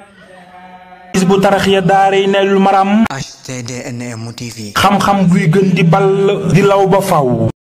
bu Hizbut Tarqiyyah daaray Nayloul Maram HTDNM TV xam-xam buy gën di bal di law ba faw